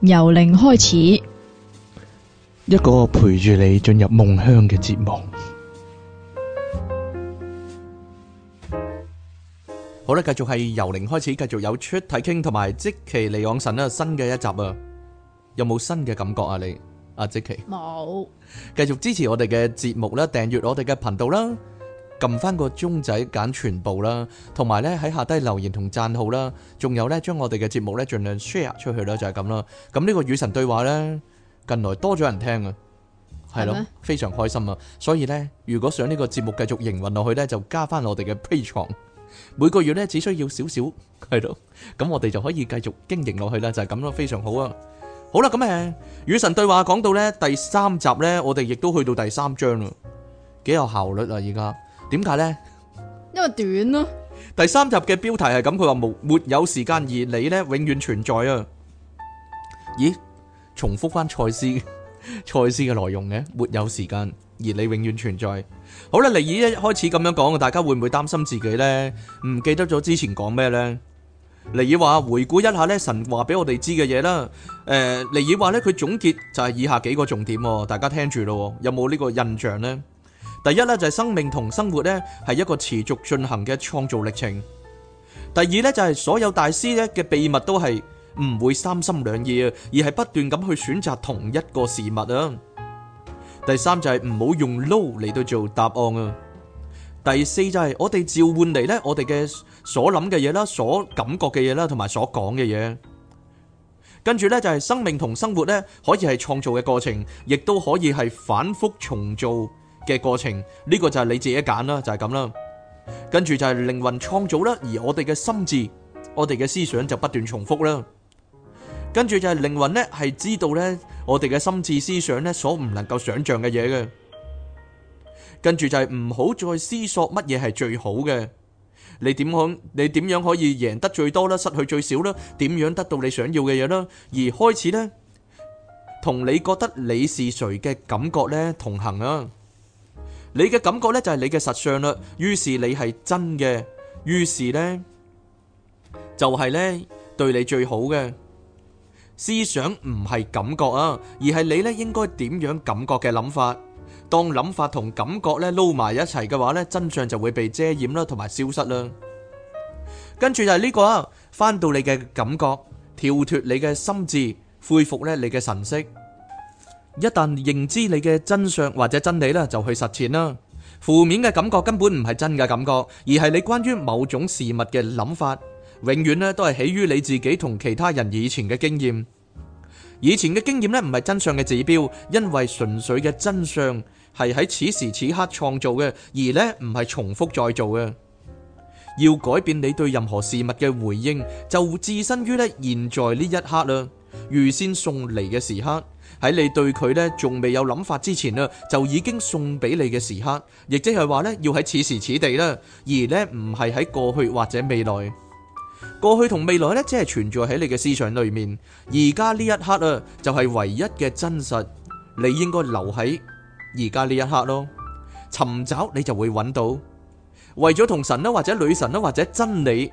由零開始，一個陪住你進入夢鄉嘅節目。好啦，繼續係由零開始，繼續有出體傾同埋積奇嚟往神啦，啊，新嘅一集啊，有冇新嘅感覺啊你？你阿積奇冇繼續支持我哋嘅節目啦，訂閱我哋嘅頻道啦。撳翻個鐘仔揀全部啦，同埋咧喺下低留言同讚好啦，仲有咧將我哋嘅節目咧盡量 share 出去啦，就係咁啦。咁呢個與神對話呢，近來多咗人聽啊，係咯嗎，非常開心啊。所以呢，如果想呢個節目繼續營運落去呢，就加翻我哋嘅 Patreon 每個月呢，只需要少少係咯，咁我哋就可以繼續經營落去啦，就係咁咯，非常好啊。好啦，咁誒與神對話講到呢第三集呢，我哋亦都去到第三章啦，幾有效率啊，而家。點解呢？因為短咯啊。第三集嘅標題係咁，佢話冇，沒有時間，而你呢永遠存在啊！咦？重複翻賽斯賽斯嘅內容嘅，沒有時間，而你永遠存在。好啦，尼爾一開始咁樣講，大家會唔會擔心自己呢？唔記得咗之前講咩呢？尼爾話回顧一下呢，神話俾我哋知嘅嘢啦。誒，尼爾話呢，佢總結就係以下幾個重點，大家聽住咯，有冇呢個印象呢？第一咧就係生命同生活咧係一個持續進行嘅創造歷程。第二咧就係所有大師咧嘅秘密都係唔會三心兩意啊，而係不斷咁去選擇同一個事物啊。第三就係唔好用 No 嚟到做答案啊。第四就係我哋召喚嚟咧，我哋嘅所諗嘅嘢啦，所感覺嘅嘢啦，同埋所講嘅嘢。跟住咧就係生命同生活咧可以係創造嘅過程，亦都可以係反覆重造。嘅過程，呢個就係你自己揀啦，就係咁啦。跟住就係靈魂創造啦，而我哋嘅心智、我哋嘅思想就不斷重複啦。跟住就係靈魂呢，係知道呢，我哋嘅心智思想呢，所唔能夠想象嘅嘢嘅。跟住就係唔好再思索乜嘢係最好嘅，你點可你點樣可以贏得最多啦，失去最少啦，點樣得到你想要嘅嘢啦，而開始呢，同你覺得你是誰嘅感覺呢同行啊！你嘅感覺咧就係你嘅實相啦，於是你係真嘅，於是咧就係咧對你最好嘅思想唔係感覺啊，而係你咧應該點樣感覺嘅諗法。當諗法同感覺咧撈埋一齊嘅話咧，真相就會被遮掩啦，同埋消失啦。跟住就係呢個啊，翻到你嘅感覺，跳脫你嘅心智，恢復咧你嘅神色。一旦認知你嘅真相或者真理呢，就去實踐啦。負面嘅感覺根本唔係真嘅感覺，而係你關於某種事物嘅諗法。永遠呢都係起於你自己同其他人以前嘅經驗。以前嘅經驗呢唔係真相嘅指標，因為純粹嘅真相係喺此時此刻創造嘅，而呢唔係重複再做嘅。要改變你對任何事物嘅回應，就置身於呢現在呢一刻啦，預先送嚟嘅時刻。喺你對佢咧仲未有諗法之前啊，就已經送俾你嘅時刻，亦即係話咧要喺此時此地啦，而咧唔係喺過去或者未來。過去同未來咧，只係存在喺你嘅思想裏面。而家呢一刻啊，就係唯一嘅真實。你應該留喺而家呢一刻咯，尋找你就會揾到。為咗同神啦，或者女神啦，或者真理，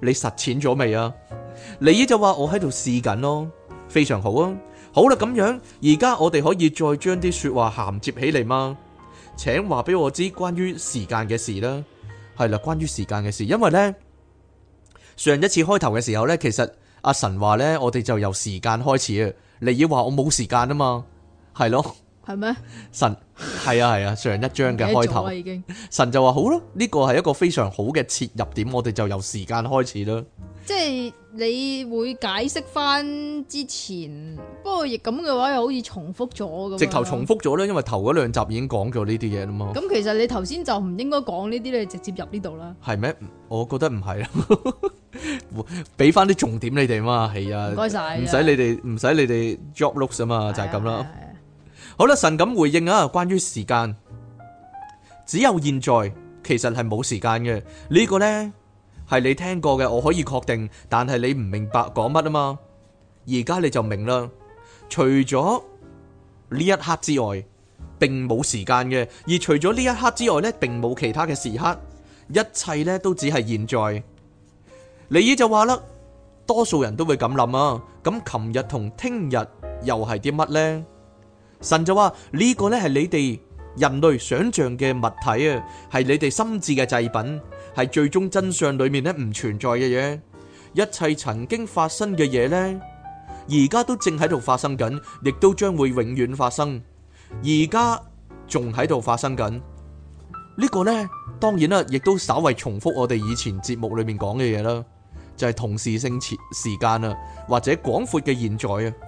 你實踐咗未啊？你姨就話我喺度試緊咯，非常好啊！好啦，咁樣而家我哋可以再將啲說話銜接起嚟嗎？請話俾我知關於時間嘅事啦。係啦，關於時間嘅事，因為呢，上一次開頭嘅時候呢，其實阿神話呢，我哋就由時間開始啊。你姨話我冇時間啊嘛，係咯。係咩？神，係啊，係啊，上一章嘅開頭已經神就話好咯，呢個係一個非常好嘅切入點，我哋就由時間開始啦。即係你會解釋翻，之前，不過亦咁嘅話又好似重複咗咁，直頭重複咗啦，因為頭嗰兩集已經講咗呢啲嘢啦嘛。咁其實你頭先就唔應該講呢啲咧，你直接入呢度啦。係咩？我覺得唔係啊，俾翻啲重點你哋嘛。係啊，唔該晒，唔使你哋唔使你哋 job look 啊嘛，就係咁啦。好啦，神咁回應啊，關於時間，只有現在，其實係冇時間嘅呢、呢個呢，係你聽過嘅，我可以確定，但係你唔明白講乜啊嘛。而家你就明啦，除咗呢一刻之外，並冇時間嘅，而除咗呢一刻之外呢，並冇其他嘅時刻，一切呢都只係現在。尼爾就話啦，多數人都會咁諗啊，咁琴日同聽日又係啲乜呢？神就話呢個呢，係你哋人類想象嘅物體啊，係你哋心智嘅祭品，係最終真相裏面呢唔存在嘅嘢。一切曾經發生嘅嘢呢，而家都正喺度發生緊，亦都將會永遠發生。而家仲喺度發生緊呢個呢，當然啦，亦都稍為重複我哋以前節目裏面講嘅嘢啦，就係同時性時時間啊，或者廣闊嘅現在啊。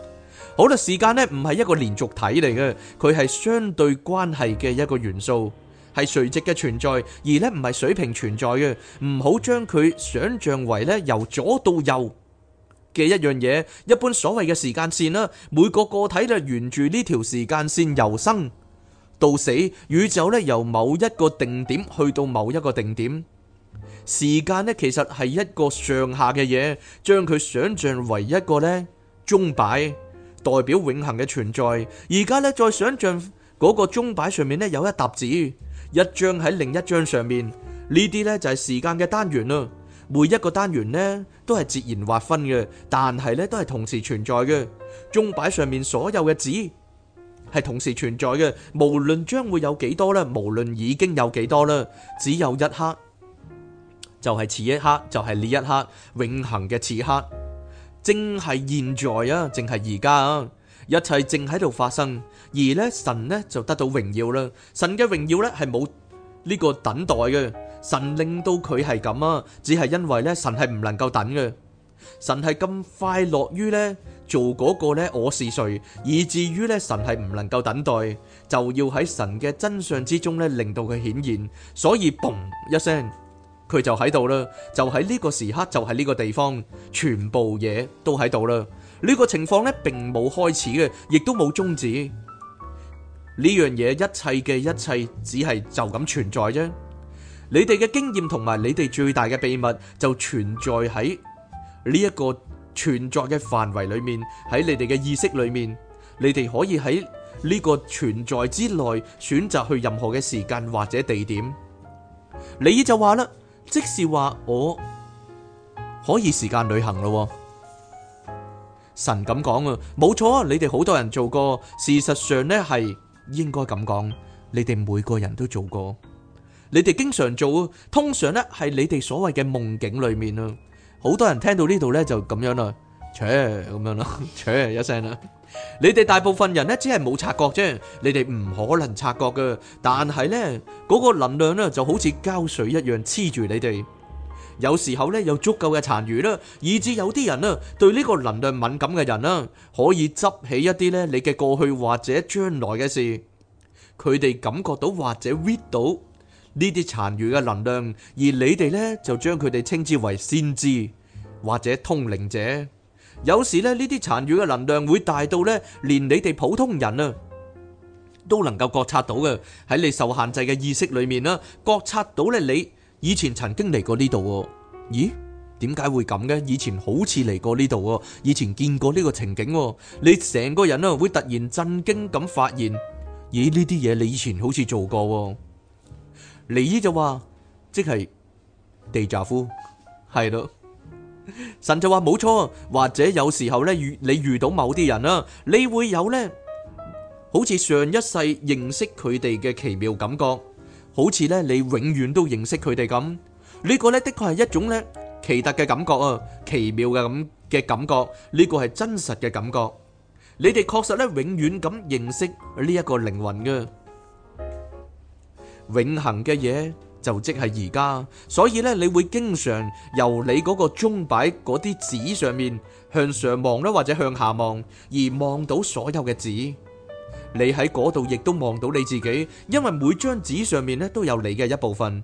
好啦，時間呢唔係一個連續體嚟嘅，佢係相對關係嘅一個元素，係垂直嘅存在，而呢唔係水平存在嘅。唔好將佢想象為呢由左到右嘅一樣嘢。一般所謂嘅時間線啦，每個個體呢沿住呢條時間線由生到死，宇宙呢由某一個定點去到某一個定點。時間呢其實係一個上下嘅嘢，將佢想象為一個呢鐘擺。代表永恆嘅存在，而家咧，再想象嗰個鐘擺上面咧，有一沓紙，一張喺另一張上面，呢啲呢，就係時間嘅單元啦。每一個單元呢，都係截然劃分嘅，但係呢，都係同時存在嘅。鐘擺上面所有嘅紙係同時存在嘅，無論將會有幾多呢，無論已經有幾多啦，只有一刻，就係此一刻，就係呢一刻，永恆嘅此刻。正係現在啊，正係而家啊，一切正喺度發生。而咧神咧就得到榮耀啦。神嘅榮耀咧係冇呢個等待嘅。神令到佢係咁啊，只係因為咧神係唔能夠等嘅。神係咁快樂於咧做嗰個咧我是誰，以至於咧神係唔能夠等待，就要喺神嘅真相之中咧令到佢顯現。所以嘣一聲。佢就喺度啦，就喺呢個時刻，就喺呢個地方，全部嘢都喺度啦。呢個情況呢，並冇開始嘅，亦都冇終止。呢樣嘢，一切嘅一切，只係就咁存在啫。你哋嘅經驗同埋你哋最大嘅秘密，就存在喺呢一個存在嘅範圍裏面，喺你哋嘅意識裏面，你哋可以喺呢個存在之內選擇去任何嘅時間或者地點。你呢就話啦。即是話我可以時間旅行咯，神咁講啊。冇錯啊，你哋好多人做過，事實上呢，係應該咁講，你哋每個人都做過，你哋經常做，通常呢，係你哋所謂嘅夢境裏面啊，好多人聽到呢度呢，就咁樣啦。扯咁樣啦，扯一聲啦。 你哋大部分人呢，只係冇察覺啫。你哋唔可能察覺噶。但係呢，嗰、那個能量呢，就好似膠水一樣黐住你哋。有時候呢，有足夠嘅殘餘啦，以至有啲人呢，對呢個能量敏感嘅人啦，可以執起一啲呢你嘅過去或者將來嘅事，佢哋感覺到或者 read 到呢啲殘餘嘅能量，而你哋呢，就將佢哋稱之為先知或者通靈者。有時咧，呢啲殘餘嘅能量會大到呢，連你哋普通人啊都能夠覺察到嘅。喺你受限制嘅意識裏面啦，覺察到咧，你以前曾經嚟過呢度。咦？點解會咁嘅？以前好似嚟過呢度，以前見過呢個情景。你成個人啊，會突然震驚咁發現，咦？呢啲嘢你以前好似做過。尼姨就話，即係 déjà vu，係咯。神就話冇錯，或者有時候咧，遇你遇到某啲人啦，你會有咧好似上一世認識佢哋嘅奇妙感覺，好似咧你永遠都認識佢哋咁，呢個咧的確係一種咧奇特嘅感覺啊，奇妙嘅咁嘅感覺，呢個係真實嘅感覺，你哋確實咧永遠咁認識呢一個靈魂嘅永恆嘅嘢。就即係而家，所以咧你會經常由你嗰個鐘擺嗰啲紙上面向上望啦，或者向下望，而望到所有嘅紙。你喺嗰度亦都望到你自己，因為每張紙上面咧都有你嘅一部分。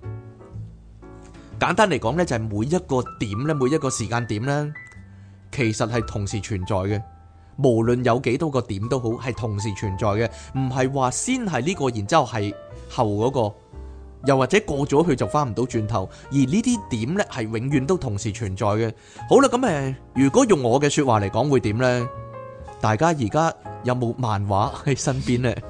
簡單嚟講呢，就係、是、每一個點咧，每一個時間點咧，其實係同時存在嘅。無論有幾多個點都好，係同時存在嘅，唔係話先係呢、這個，然之後係後嗰、那個。又或者過咗佢就翻唔到轉頭，而呢啲點呢係永遠都同時存在嘅。好啦，咁誒，如果用我嘅說話嚟講會點呢？大家而家有冇漫畫喺身邊呢？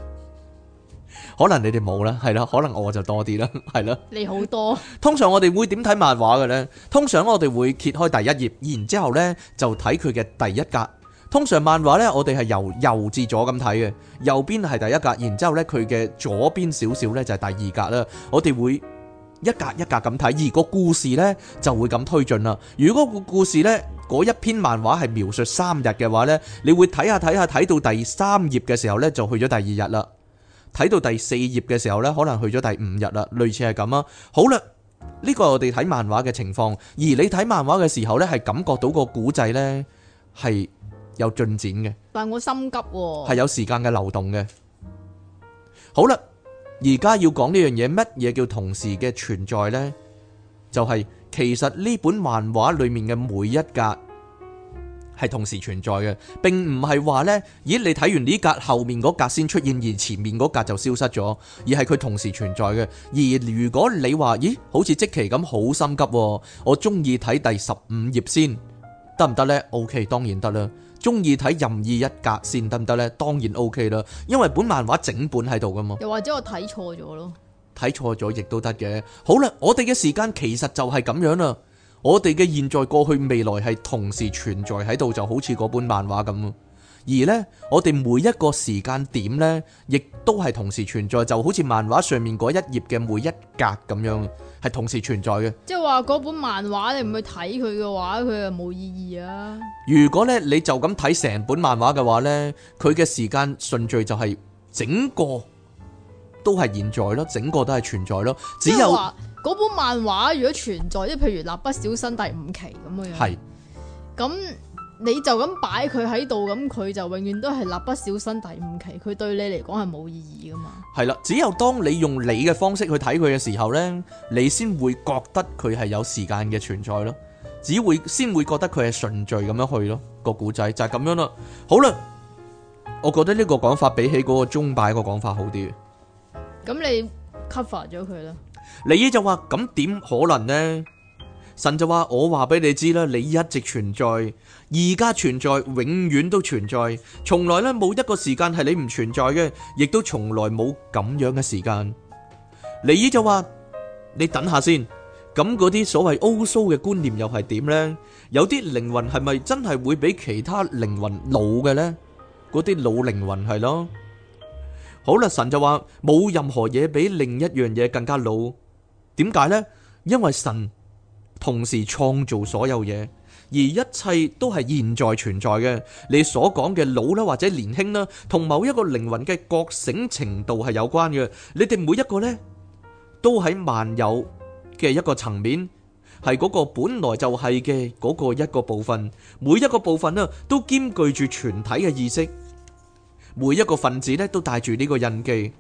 可能你哋冇啦，係啦，可能我就多啲啦，係啦。你好多。通常我哋會點睇漫畫嘅呢？通常我哋會揭開第一頁，然之後呢就睇佢嘅第一格。通常漫畫呢，我哋係由右至左咁睇嘅，右邊係第一格，然之後咧佢嘅左邊少少呢，就係第二格啦。我哋會一格一格咁睇，而個故事呢，就會咁推進啦。如果個故事呢，嗰一篇漫畫係描述三日嘅話呢，你會睇下睇下睇到第三頁嘅時候呢，就去咗第二日啦，睇到第四頁嘅時候呢，可能去咗第五日啦，類似係咁啊。好啦，呢個我哋睇漫畫嘅情況，而你睇漫畫嘅時候呢，係感覺到個古仔呢。係。有進展嘅，但係我心急喎、哦，係有時間嘅流動嘅。好啦，而家要講呢樣嘢，乜嘢叫同時嘅存在呢？就係、是、其實呢本漫畫裡面嘅每一格係同時存在嘅，並唔係話呢：咦？你睇完呢格，後面嗰格先出現，而前面嗰格就消失咗，而係佢同時存在嘅。而如果你話，咦，好似即期咁好心急、哦，我中意睇第十五頁先，得唔得呢？o、OK, K，當然得啦。中意睇任意一格先得唔得呢？當然 OK 啦，因為本漫畫整本喺度噶嘛。又或者我睇錯咗咯，睇錯咗亦都得嘅。好啦，我哋嘅時間其實就係咁樣啦。我哋嘅現在、過去、未來係同時存在喺度，就好似嗰本漫畫咁。而呢，我哋每一個時間點呢，亦都係同時存在，就好似漫畫上面嗰一頁嘅每一格咁樣。同時存在嘅，即係話嗰本漫畫你唔去睇佢嘅話，佢就冇意義啊！如果咧你就咁睇成本漫畫嘅話咧，佢嘅時間順序就係整個都係現在咯，整個都係存在咯。只有話嗰本漫畫如果存在，即係譬如《蠟筆小新》第五期咁嘅樣，係咁是。你就咁擺佢喺度，咁佢就永遠都係蠟筆小新第五期，佢對你嚟講係冇意義噶嘛。係啦，只有當你用你嘅方式去睇佢嘅時候呢，你先會覺得佢係有時間嘅存在咯，只會先會覺得佢係順序咁，那個就是，樣去咯個古仔就係咁樣啦。好啦，我覺得呢個講法比起嗰個鐘擺個講法好啲。咁你 cover 咗佢啦？你依就話咁點可能呢？神就話我話俾你知啦，你一直存在。而家存在，永遠都存在，從來咧冇一個時間係你唔存在嘅，亦都從來冇咁樣嘅時間。尼爾就話，你等下先，咁嗰啲所謂奧蘇嘅觀念又係點呢？有啲靈魂係咪真係會比其他靈魂老嘅呢？嗰啲老靈魂係咯。好啦，神就話冇任何嘢比另一樣嘢更加老。點解呢？因為神同時創造所有嘢。而一切都係現在存在嘅，你所講嘅老啦或者年輕啦，同某一個靈魂嘅覺醒程度係有關嘅。你哋每一個呢，都喺萬有嘅一個層面，係嗰個本來就係嘅嗰個一個部分。每一個部分啦，都兼具住全體嘅意識。每一個分子呢，都帶住呢個印記。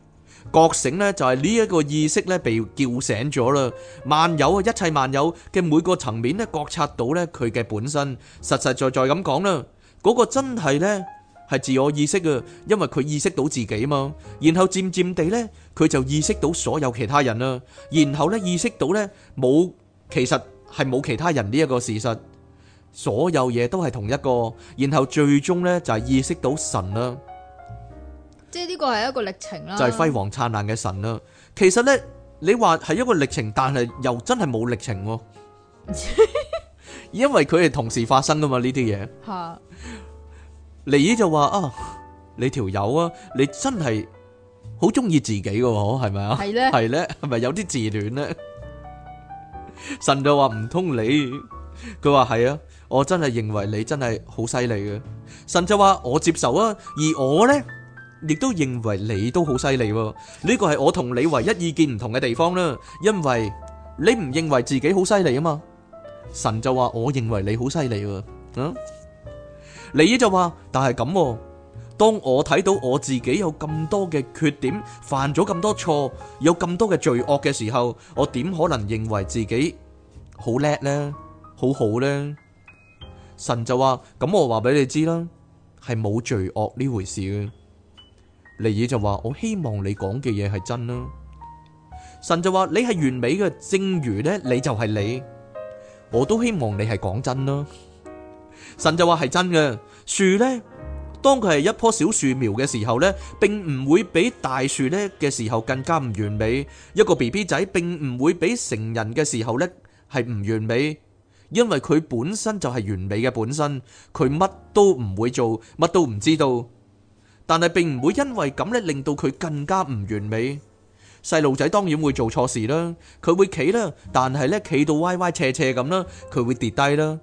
覺醒呢就係呢一個意識呢被叫醒咗啦，萬有啊，一切萬有嘅每個層面呢覺察到呢佢嘅本身，實實在在咁講啦，嗰個真係呢係自我意識啊，因為佢意識到自己嘛，然後漸漸地呢佢就意識到所有其他人啦，然後呢意識到呢冇其實係冇其他人呢一個事實，所有嘢都係同一個，然後最終呢就係意識到神啦。即係呢個係一個歷程啦，就係輝煌燦爛嘅神啦。其實咧，你話係一個歷程，但係又真係冇歷程，因為佢係同時發生噶嘛呢啲嘢。吓，你就話啊，你條友啊，你真係好中意自己噶，係咪啊？係咧，係咧，係咪有啲自戀咧？神就話唔通你，佢話係啊，我真係認為你真係好犀利嘅。神就話我接受啊，而我咧。亦都認為你都好犀利喎，呢個係我同你唯一意見唔同嘅地方啦。因為你唔認為自己好犀利啊嘛，神就話我認為你好犀利，嗯、啊，你呢就話，但係咁、啊，當我睇到我自己有咁多嘅缺點，犯咗咁多錯，有咁多嘅罪惡嘅時候，我點可能認為自己好叻呢？好好呢？神就話咁，我話俾你知啦，係冇罪惡呢回事嘅。尼爾就話：我希望你講嘅嘢係真咯。神就話：你係完美嘅，正如咧，你就係你。我都希望你係講真咯。神就話係真嘅。樹呢，當佢係一棵小樹苗嘅時候呢，並唔會比大樹呢嘅時候更加唔完美。一個 BB 仔並唔會比成人嘅時候呢係唔完美，因為佢本身就係完美嘅本身，佢乜都唔會做，乜都唔知道。但係並唔會因為咁咧，令到佢更加唔完美。細路仔當然會做錯事啦，佢會企啦，但係咧企到歪歪斜斜咁啦，佢會跌低啦，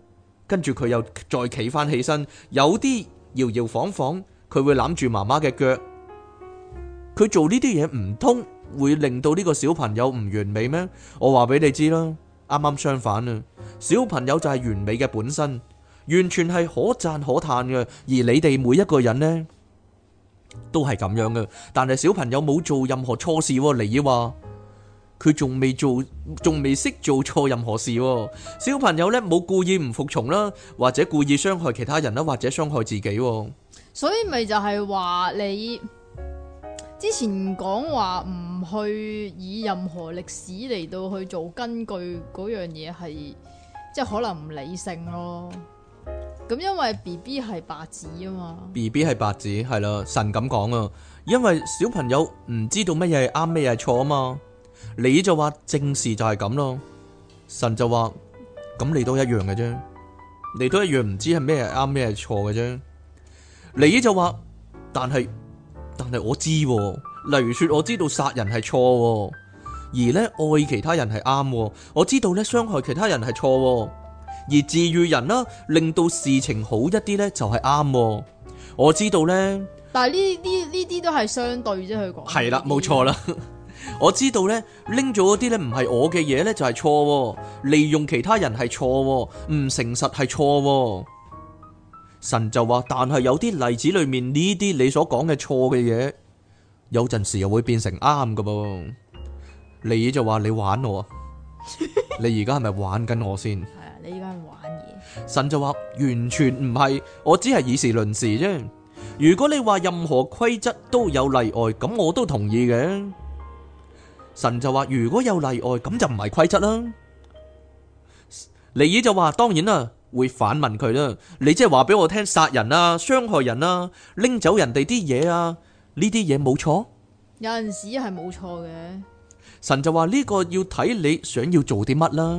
跟住佢又再企翻起身，有啲搖搖晃晃，佢會攬住媽媽嘅腳。佢做呢啲嘢唔通會令到呢個小朋友唔完美咩？我話俾你知啦，啱啱相反啊！小朋友就係完美嘅本身，完全係可讚可嘆嘅。而你哋每一個人呢。都係咁樣嘅，但係小朋友冇做任何錯事喎，你話，佢仲未做，仲未識做錯任何事。小朋友呢，冇故意唔服從啦，或者故意傷害其他人啦，或者傷害自己。所以咪就係話你之前講話唔去以任何歷史嚟到去做根據嗰樣嘢，係即係可能唔理性咯。咁因為 B B 係白紙啊嘛，B B 係白紙係啦，神咁講啊，因為小朋友唔知道乜嘢係啱，乜嘢係錯啊嘛，你就話正事就係咁咯，神就話咁你都一樣嘅啫，你都一樣唔知係咩係啱，咩係錯嘅啫，你就話，但係但係我知，例如說我知道殺人係錯，而呢愛其他人係啱，我知道呢，傷害其他人係錯。而治愈人啦，令到事情好一啲呢，就係啱。我知道呢，但係呢啲呢啲都係相對啫。佢講係啦，冇錯啦。這些 錯 我知道呢，拎咗啲呢，唔係我嘅嘢呢，就係錯，利用其他人係錯，唔誠實係錯。神就話，但係有啲例子裏面呢啲你所講嘅錯嘅嘢，有陣時又會變成啱噶噃。你就話你玩我，你而家係咪玩緊我先？ 你依家玩嘢？神就話完全唔係，我只係以事論事啫。如果你話任何規則都有例外，咁我都同意嘅。神就話如果有例外，咁就唔係規則啦。尼爾就話當然啦，會反問佢啦。你即係話俾我聽，殺人啊，傷害人啊，拎走人哋啲嘢啊，呢啲嘢冇錯。有陣時係冇錯嘅。神就話呢個要睇你想要做啲乜啦。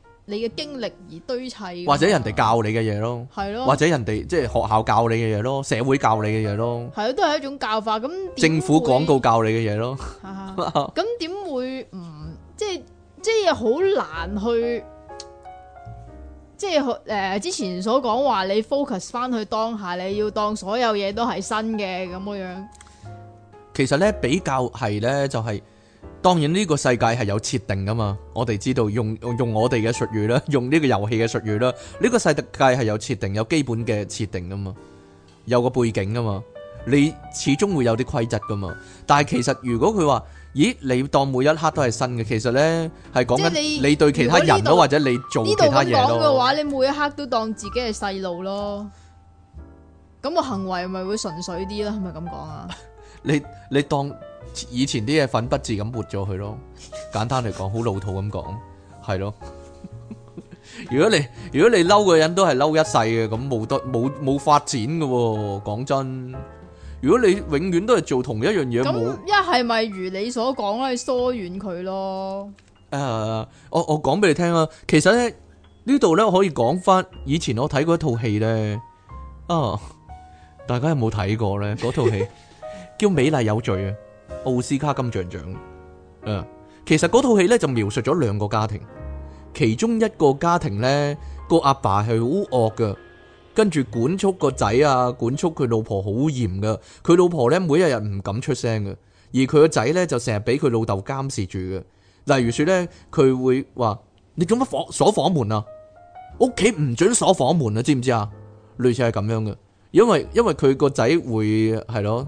你嘅經歷而堆砌，或者人哋教你嘅嘢咯，係咯的，或者人哋即係學校教你嘅嘢咯，社會教你嘅嘢咯，係啊，都係一種教法。咁政府廣告教你嘅嘢咯，咁點會唔、 嗯、即係即係好難去即係誒、呃、之前所講話你 focus 翻去當下，你要當所有嘢都係新嘅咁嘅樣。其實咧比較係咧就係、是。當然呢個世界係有設定噶嘛，我哋知道用用我哋嘅術語啦，用呢個遊戲嘅術語啦，呢個世界係有設定，有基本嘅設定噶嘛，有個背景噶嘛，你始終會有啲規則噶嘛。但係其實如果佢話，咦，你當每一刻都係新嘅，其實呢係講緊你對其他人都或者你做其他嘢，都呢度講嘅話，你每一刻都當自己係細路咯。咁個行為咪會純粹啲啦？係咪咁講啊？ 你你，你當？以前啲嘢粉筆字咁抹咗佢咯，簡單嚟講，好老土咁講，係咯 如。如果你如果你嬲個人都係嬲一世嘅，咁冇得冇冇發展嘅喎，講真。如果你永遠都係做同一樣嘢，冇那。一係咪如你所講咧，疏遠佢咯？誒、uh,，我我講俾你聽啊，其實咧呢度咧，我可以講翻以前我睇過一套戲咧，啊，大家有冇睇過咧？嗰套戲叫《美麗有罪》啊。奧斯卡金像獎，誒、嗯，其實嗰套戲咧就描述咗兩個家庭，其中一個家庭咧個阿爸係好惡噶，跟住管束個仔啊，管束佢老婆好嚴噶，佢老婆咧每一日唔敢出聲噶，而佢個仔咧就成日俾佢老豆監視住嘅，例如說咧佢會話你做乜鎖鎖房門啊？屋企唔准鎖房門啊，知唔知啊？類似係咁樣嘅，因為因為佢個仔會係咯。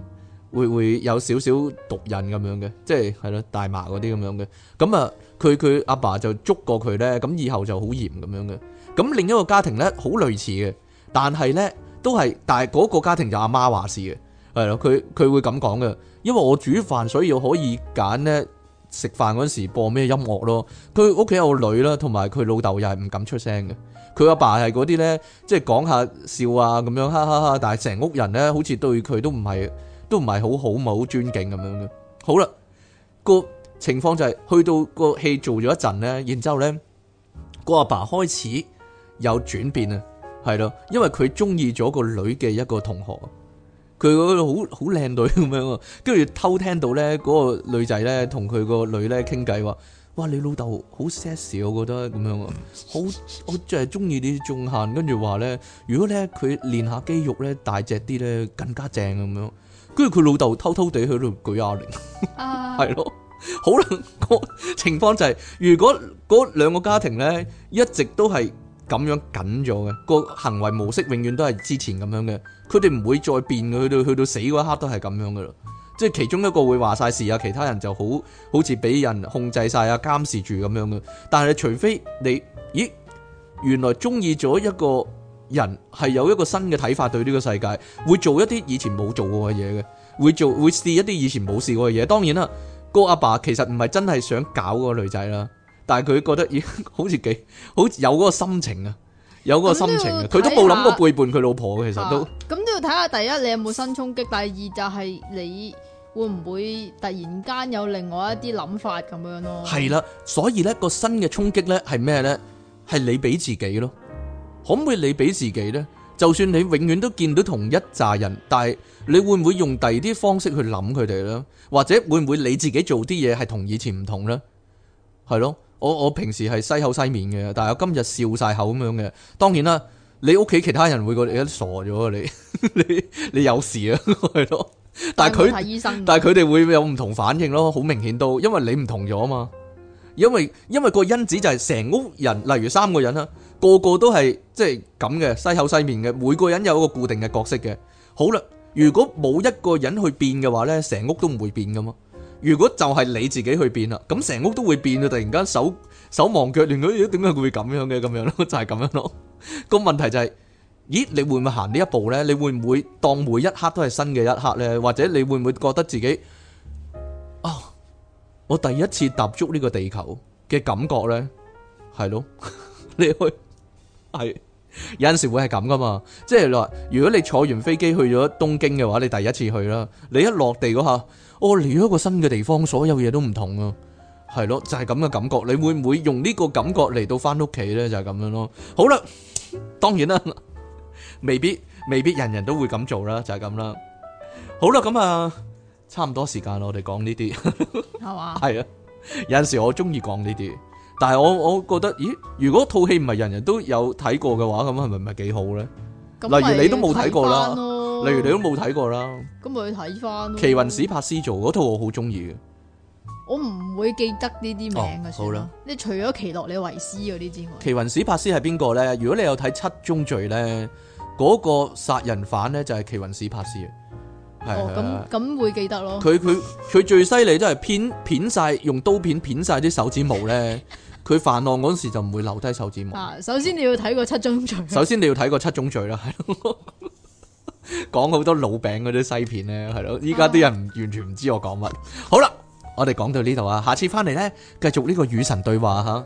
會會有少少毒癮咁樣嘅，即係係咯，大麻嗰啲咁樣嘅。咁啊，佢佢阿爸就捉過佢咧，咁以後就好嚴咁樣嘅。咁另一個家庭咧，好類似嘅，但係咧都係，但係嗰個家庭就阿媽話事嘅，係咯，佢佢會咁講嘅，因為我煮飯，所以我可以揀咧，食飯嗰時播咩音樂咯。佢屋企有個女啦，同埋佢老豆又係唔敢出聲嘅。佢阿爸係嗰啲咧，即係講下笑啊咁樣，哈哈哈。但係成屋人咧，好似對佢都唔係。都唔係好好，冇好尊敬咁樣嘅。好啦，個情況就係、是，去到個戲做咗一陣咧，然之後咧，個阿爸，爸開始有轉變啊，係咯，因為佢中意咗個女嘅一個同學，佢嗰個好好靚女咁樣啊，跟住偷聽到咧，嗰個女仔咧同佢個女咧傾偈話，哇，你老豆好 sexy，我覺得咁樣啊，好，我就係中意啲仲限，跟住話咧，如果咧佢練下肌肉咧，大隻啲咧，更加正咁樣。跟住佢老豆偷偷哋去度舉啞鈴，係咯、uh，好啦個情況就係、是，如果嗰兩個家庭呢一直都係咁樣緊咗嘅，個行為模式永遠都係之前咁樣嘅，佢哋唔會再變嘅，去到去到死嗰一刻都係咁樣嘅咯，即係其中一個會話晒事啊，其他人就好好似俾人控制晒啊，監視住咁樣嘅，但係除非你，咦，原來中意咗一個。人係有一個新嘅睇法對呢個世界，會做一啲以前冇做過嘅嘢嘅，會做會試一啲以前冇試過嘅嘢。當然啦，個阿爸，爸其實唔係真係想搞個女仔啦，但係佢覺得咦、哎，好似幾好似有嗰個心情啊，有嗰個心情啊，佢都冇諗過背叛佢老婆嘅，其實、啊、都咁都要睇下第一，你有冇新衝擊？第二就係、是、你會唔會突然間有另外一啲諗法咁樣咯？係啦，所以咧個新嘅衝擊咧係咩咧？係你俾自己咯。可唔可以你俾自己呢？就算你永遠都見到同一紮人，但係你會唔會用第二啲方式去諗佢哋呢？或者會唔會你自己做啲嘢係同以前唔同呢？係咯，我我平時係西口西面嘅，但係我今日笑晒口咁樣嘅。當然啦，你屋企其他人會覺得你傻咗啊！你你，你有事啊？係咯，但係佢但係佢哋會有唔同反應咯，好明顯都，因為你唔同咗啊嘛。因為因為個因子就係成屋人，例如三個人啦。個個都係即係咁嘅，西口西面嘅，每個人有一個固定嘅角色嘅。好啦，如果冇一個人去變嘅話咧，成屋都唔會變噶嘛。如果就係你自己去變啦，咁成屋都會變啊！突然間手手忙腳亂嗰啲，點解會咁樣嘅？咁樣咯，就係咁樣咯。個問題就係，咦，你會唔會行呢一步咧？你會唔會當每一刻都係新嘅一刻咧？或者你會唔會覺得自己哦，我第一次踏足呢個地球嘅感覺咧？係咯，你去。係有陣時會係咁噶嘛，即係話如果你坐完飛機去咗東京嘅話，你第一次去啦，你一落地嗰下，我嚟咗個新嘅地方，所有嘢都唔同啊，係咯，就係咁嘅感覺，你會唔會用呢個感覺嚟到翻屋企咧？就係咁樣咯。好啦，當然啦，未必未必人人都會咁做啦，就係咁啦。好啦，咁啊，差唔多時間咯，我哋講呢啲係係啊，有陣時我中意講呢啲。但係我我覺得，咦？如果套戲唔係人人都有睇過嘅話，咁係咪唔係幾好咧？就是、例如你都冇睇過啦，例如你都冇睇過啦，咁咪去睇翻。奇雲史柏斯做嗰套我好中意嘅，我唔會記得呢啲名嘅，哦，好啦。你除咗奇洛李維斯嗰啲之外，奇雲史柏斯係邊個咧？如果你有睇七宗罪咧，嗰、嗰個殺人犯咧就係奇雲史柏斯啊。 哦，咁咁會記得咯。佢佢佢最犀利都係片片曬，用刀片片曬啲手指毛咧。 佢犯案嗰時就唔會留低手指模。啊，首先你要睇個七宗罪。首先你要睇個七宗罪啦，係咯，講 好多老餅嗰啲西片咧，係咯，依家啲人完全唔知我講乜。好啦，我哋講到呢度啊，下次翻嚟咧，繼續呢個與神對話吓。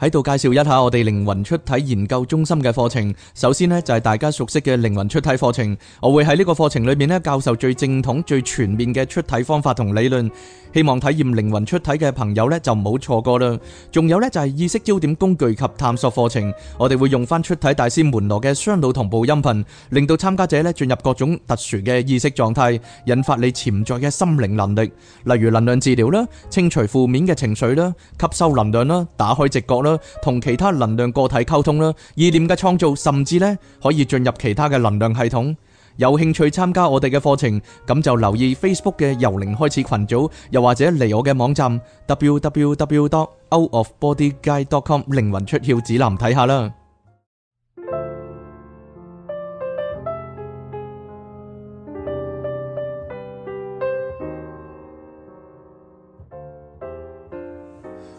喺度介紹一下我哋靈魂出體研究中心嘅課程。首先呢，就係大家熟悉嘅靈魂出體課程，我會喺呢個課程裏面呢教授最正統、最全面嘅出體方法同理論。希望體驗靈魂出體嘅朋友咧就唔好錯過啦！仲有咧就係意識焦點工具及探索課程，我哋會用翻出體大師門羅嘅雙腦同步音頻，令到參加者咧進入各種特殊嘅意識狀態，引發你潛在嘅心靈能力，例如能量治療啦、清除負面嘅情緒啦、吸收能量啦、打開直覺啦、同其他能量個體溝通啦、意念嘅創造，甚至咧可以進入其他嘅能量系統。有興趣參加我哋嘅課程，咁就留意 Facebook 嘅由零開始群組，又或者嚟我嘅網站 www.outofbodyguide.com 靈魂出竅指南睇下啦。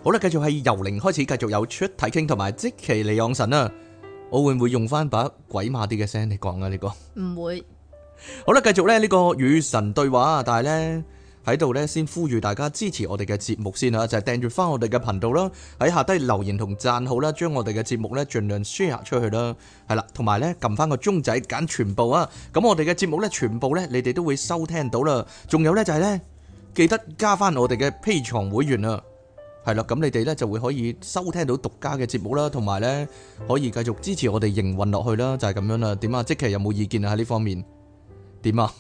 好啦，繼續係由零開始，繼續有出體傾同埋即期嚟養神啦。我會唔會用翻把鬼馬啲嘅聲嚟講啊？呢個唔會。好啦，繼續咧呢個與神對話啊！但係咧喺度咧先呼籲大家支持我哋嘅節目先啊。就係訂閱翻我哋嘅頻道啦，喺下低留言同讚好啦，將我哋嘅節目咧盡量 share 出去啦。係啦，同埋咧撳翻個鐘仔，揀全部啊！咁我哋嘅節目咧全部咧你哋都會收聽到啦。仲有咧就係、是、咧記得加翻我哋嘅 Patreon 會員啊！係啦，咁你哋咧就會可以收聽到獨家嘅節目啦，同埋咧可以繼續支持我哋營運落去啦，就係咁樣啦。點 啊？即其有冇意見啊？喺呢方面點啊？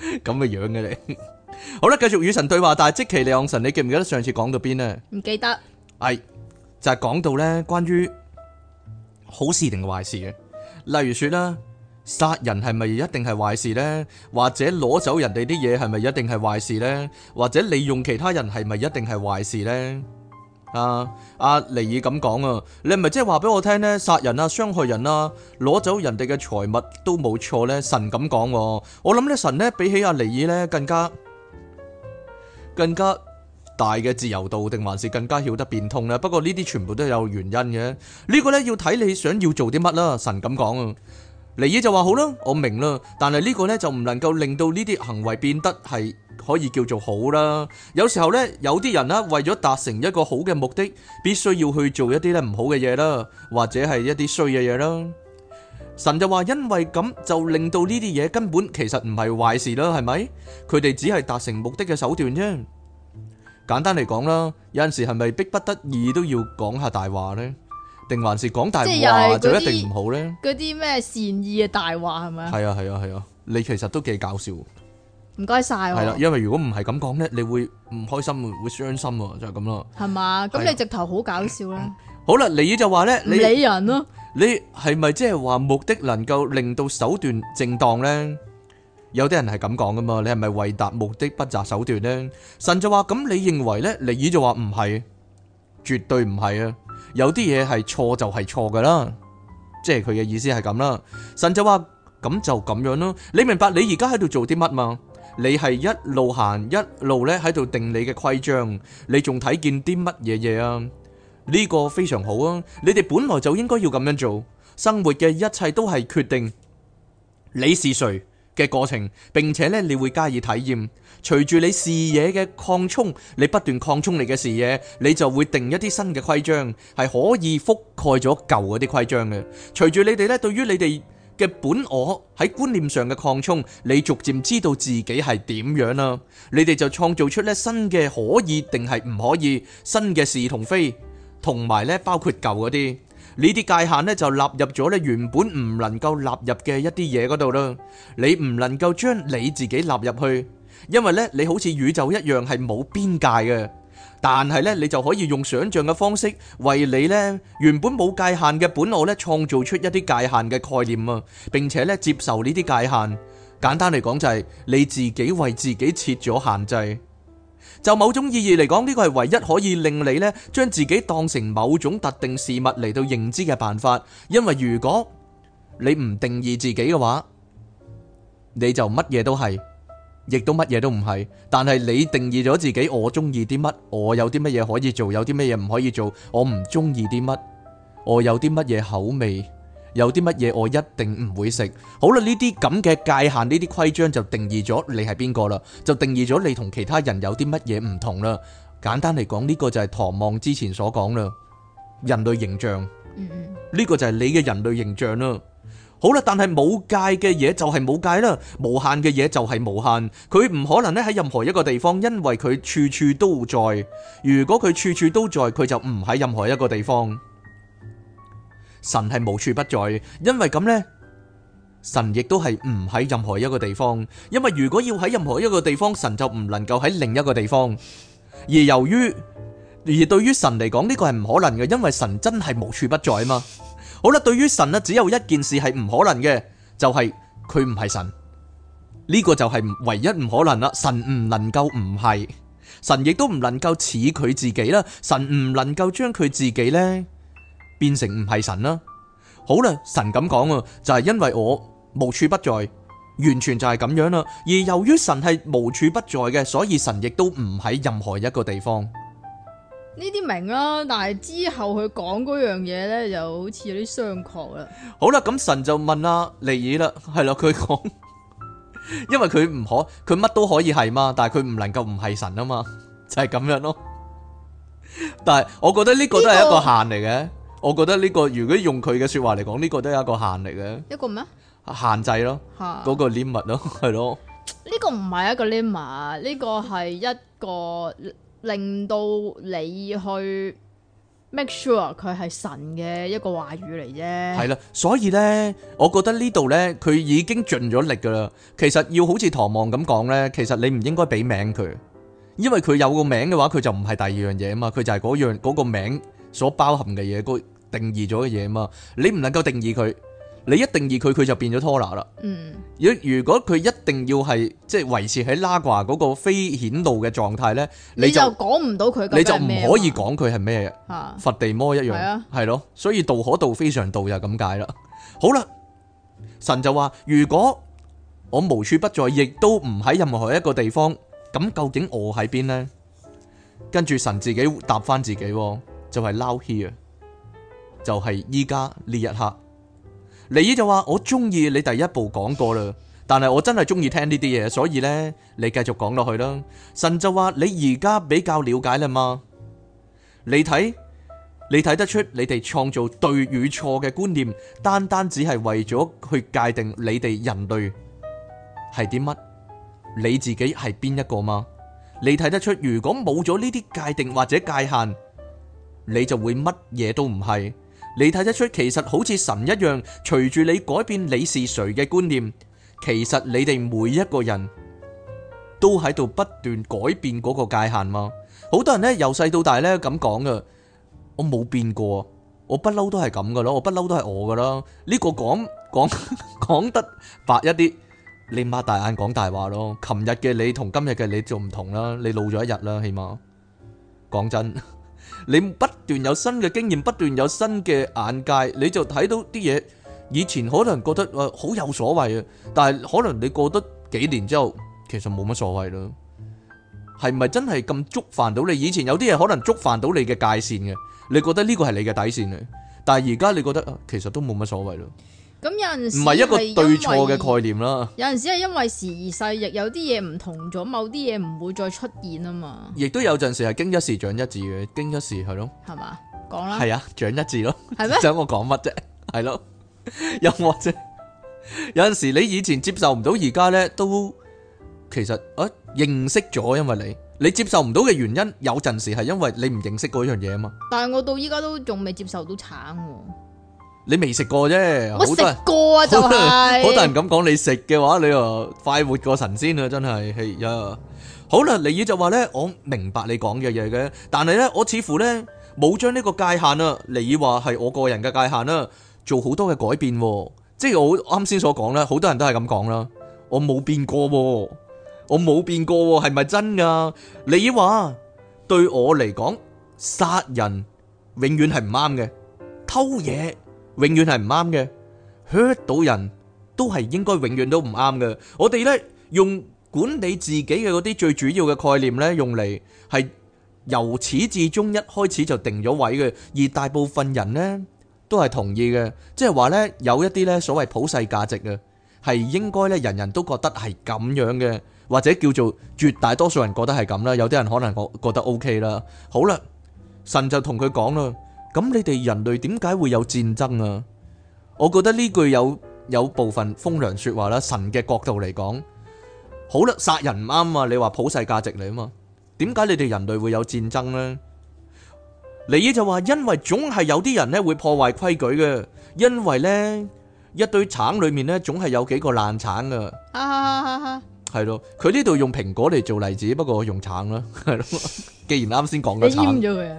咁嘅樣嘅你，好啦，繼續與神對話。但係即其你講神，你記唔記得上次講到邊呢？唔記得。係就係講到咧關於好事定壞事嘅，例如說啦。殺人係咪一定係壞事呢？或者攞走人哋啲嘢係咪一定係壞事呢？或者利用其他人係咪一定係壞事呢？啊，阿、啊、尼爾咁講啊，你係咪即係話俾我聽呢：「殺人啊，傷害人啊，攞走人哋嘅財物都冇錯呢。」神咁講、啊，我諗呢神呢，比起阿、啊、尼爾呢，更加更加大嘅自由度，定還是更加曉得變通呢？不過呢啲全部都有原因嘅，呢、這個呢，要睇你想要做啲乜啦。神咁講啊。尼爾就話好啦，我明啦，但係呢個呢，就唔能夠令到呢啲行為變得係可以叫做好啦。有時候呢，有啲人啦，為咗達成一個好嘅目的，必須要去做一啲咧，唔好嘅嘢啦，或者係一啲衰嘅嘢啦。神就話，因為咁就令到呢啲嘢根本其實唔係壞事啦，係咪？佢哋只係達成目的嘅手段啫。簡單嚟講啦，有陣時係咪逼不得已都要講下大話呢？定還是講大話是是就一定唔好咧？嗰啲咩善意嘅大話係咪？係啊係啊係啊！你其實都幾搞笑，唔該晒。係啦、啊，因為如果唔係咁講咧，你會唔開心會傷心喎，就係咁咯。係嘛？咁你直頭好搞笑啦。是啊、 好啦，尼爾就話咧，你理人咯？你係咪即係話目的能夠令到手段正當咧？有啲人係咁講噶嘛？你係咪為達目的不擇手段咧？神就話咁，你認為咧？尼爾就話唔係，絕對唔係啊！有啲嘢係錯就係錯噶啦，即係佢嘅意思係咁啦。神就話咁就咁樣咯。你明白你而家喺度做啲乜嘛？你係一路行一路咧喺度定你嘅規章，你仲睇見啲乜嘢嘢啊？呢個非常好啊！你哋本來就應該要咁樣做，生活嘅一切都係決定。你是誰？嘅過程，並且咧你會加以體驗。隨住你視野嘅擴充，你不斷擴充你嘅視野，你就會定一啲新嘅規章，係可以覆蓋咗舊嗰啲規章嘅。隨住你哋咧，對於你哋嘅本我喺觀念上嘅擴充，你逐漸知道自己係點樣啦。你哋就創造出咧新嘅可以定係唔可以，新嘅是同非，同埋咧包括舊嗰啲。呢啲界限咧就納入咗你原本唔能夠納入嘅一啲嘢，嗰度咯，你唔能夠將你自己納入去，因為咧你好似宇宙一樣係冇邊界嘅，但係咧你就可以用想象嘅方式為你咧原本冇界限嘅本我咧創造出一啲界限嘅概念啊，並且咧接受呢啲界限。簡單嚟講就係你自己為自己設咗限制。就某種意義嚟講，呢個係唯一可以令你呢將自己當成某種特定事物嚟到認知嘅辦法。因為如果你唔定義自己嘅話，你就乜嘢都係，亦都乜嘢都唔係。但係你定義咗自己，我中意啲乜，我有啲乜嘢可以做，有啲乜嘢唔可以做，我唔中意啲乜，我有啲乜嘢口味。有啲乜嘢我一定唔會食。好啦，呢啲咁嘅界限，呢啲規章就定義咗你係邊個啦，就定義咗你同其他人有啲乜嘢唔同啦。簡單嚟講，呢個就係唐望之前所講啦，人類形象。嗯嗯，呢個就係你嘅人類形象啦。好啦，但係冇界嘅嘢就係冇界啦，無限嘅嘢就係無限，佢唔可能咧喺任何一個地方，因為佢處處都在。如果佢處處都在，佢就唔喺任何一個地方。神係無處不在，因為咁呢，神亦都係唔喺任何一個地方，因為如果要喺任何一個地方，神就唔能夠喺另一個地方。而由於，而對於神嚟講，呢個係唔可能嘅，因為神真係無處不在嘛。好啦，對於神呢，只有一件事係唔可能嘅，就係佢唔係神。呢、這個就係唯一唔可能啦。神唔能夠唔係，神亦都唔能夠似佢自己啦。神唔能夠將佢自己呢，變成唔係神啦，好啦，神咁講啊，就係因為我無處不在，完全就係咁樣啦。而由於神係無處不在嘅，所以神亦都唔喺任何一個地方。呢啲明啦，但係之後佢講嗰樣嘢呢，就好似有啲商榷啦。好啦，咁神就問阿利爾啦，係咯，佢講，因為佢唔可，佢乜都可以係嘛，但係佢唔能夠唔係神啊嘛，就係咁樣咯。但係我覺得呢個都係一個限嚟嘅。我覺得呢、呢個如果用佢嘅說話嚟講，呢、呢個都係一個限嚟嘅。一個咩？限制咯，嗰哈個 limit 咯，係 是咯。呢個唔係一個 limit，呢、呢個係一個令到你去 make sure 佢係神嘅一個話語嚟啫。係啦，所以呢，我覺得呢度呢，佢已經盡咗力噶啦。其實要好似唐望咁講呢，其實你唔應該俾名佢，因為佢有個名嘅話，佢就唔係第二樣嘢啊嘛，佢就係嗰樣嗰、嗰個名。所包含嘅嘢，個定義咗嘅嘢嘛，你唔能夠定義佢，你一定義佢，佢就變咗拖拿啦。嗯，如果佢一定要係即係維持喺拉卦嗰個非顯露嘅狀態咧，你就講唔到佢，你就唔可以講佢係咩啊？佛地魔一樣係啊，係咯，所以道可道，非常道就咁解啦。好啦，神就話：「如果我無處不在，亦都唔喺任何一個地方，咁究竟我喺邊呢？」跟住神自己答翻自己、啊。就係撈戲啊！就係依家呢一刻，尼爾就話我中意你第一部講過啦，但係我真係中意聽呢啲嘢，所以呢，你繼續講落去啦。神就話，你而家比較了解啦嘛？你睇，你睇得出你哋創造對與錯嘅觀念，單單只係為咗去界定你哋人類係啲乜？你自己係邊一個嗎？你睇得出如果冇咗呢啲界定或者界限，你就會乜嘢都唔係，你睇得出其實好似神一樣，隨住你改變你是誰嘅觀念，其實你哋每一個人都喺度不斷改變嗰個界限嘛。好多人呢由細到大呢咁講噶，我冇變過，我不嬲都係咁噶咯，我不嬲都係我噶咯。呢個講講講得白一啲，你擘大眼講大話咯。琴日嘅你同今日嘅你就唔同啦，你老咗一日啦，起碼講真。你不斷有新嘅經驗，不斷有新嘅眼界，你就睇到啲嘢以前可能覺得誒好、呃、有所謂啊，但係可能你過得幾年之後其實冇乜所謂咯，係咪真係咁觸犯到你？以前有啲嘢可能觸犯到你嘅界線嘅，你覺得呢個係你嘅底線嘅，但係而家你覺得、呃、其實都冇乜所謂咯。咁有陣時唔係一個對錯嘅概念啦，有陣時係因為時而世，亦有啲嘢唔同咗，某啲嘢唔會再出現啊嘛。亦都有陣時係經一事長一智嘅，經一事係咯，係嘛講啦，係啊長一智咯，係咩嗎？ 想我講乜啫？係咯，幽默啫。有陣時你以前接受唔到而家咧，都其實誒認識咗，因為你你接受唔到嘅原因，有陣時係因為你唔認識嗰樣嘢啊嘛。但係我到依家都仲未接受到慘。你未食過啫，我食過就係好多人咁講。你食嘅話，你又快活過神仙啊！真係係啊。Yeah. 好啦，尼爾就話咧，我明白你講嘅嘢嘅，但係咧，我似乎咧冇將呢個界限啊，尼爾話係我個人嘅界限啦，做好多嘅改變、啊。即係我啱先所講啦，好多人都係咁講啦。我冇變過、啊，我冇變過、啊，係咪真噶、啊？尼爾話對我嚟講，殺人永遠係唔啱嘅，偷嘢，永遠係唔啱嘅，Hurt 到人都係應該永遠都唔啱嘅。我哋呢，用管理自己嘅嗰啲最主要嘅概念，呢，用嚟係由始至終一開始就定咗位嘅。而大部分人呢，都係同意嘅，即係話呢，有一啲呢所謂普世價值嘅，係應該呢人人都覺得係咁樣嘅，或者叫做絕大多數人覺得係咁啦。有啲人可能我覺得 OK 啦，好啦，神就同佢講啦。咁你哋人類點解會有戰爭啊？我覺得呢句有有部分風涼說話啦。神嘅角度嚟講，好啦，殺人唔啱啊！你話普世價值嚟啊嘛？點解你哋人類會有戰爭呢？尼爾就話，因為總係有啲人咧會破壞規矩嘅，因為呢一堆橙裏面呢，總係有幾個爛橙噶。 係咯，佢呢度用蘋果嚟做例子，不過用橙啦，係咯。既然啱先講咗橙，你閹咗佢啊？